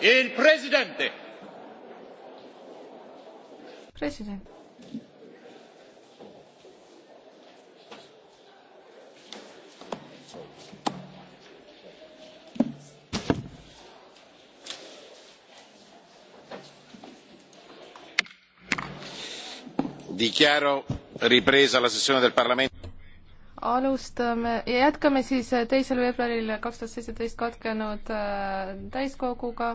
Il presidente. President. Dichiaro ripresa la sessione del Parlamento alustame ja jätkame siis teisel veebruaril kaks tuhat seitseteist katkenud äh, täiskoguga.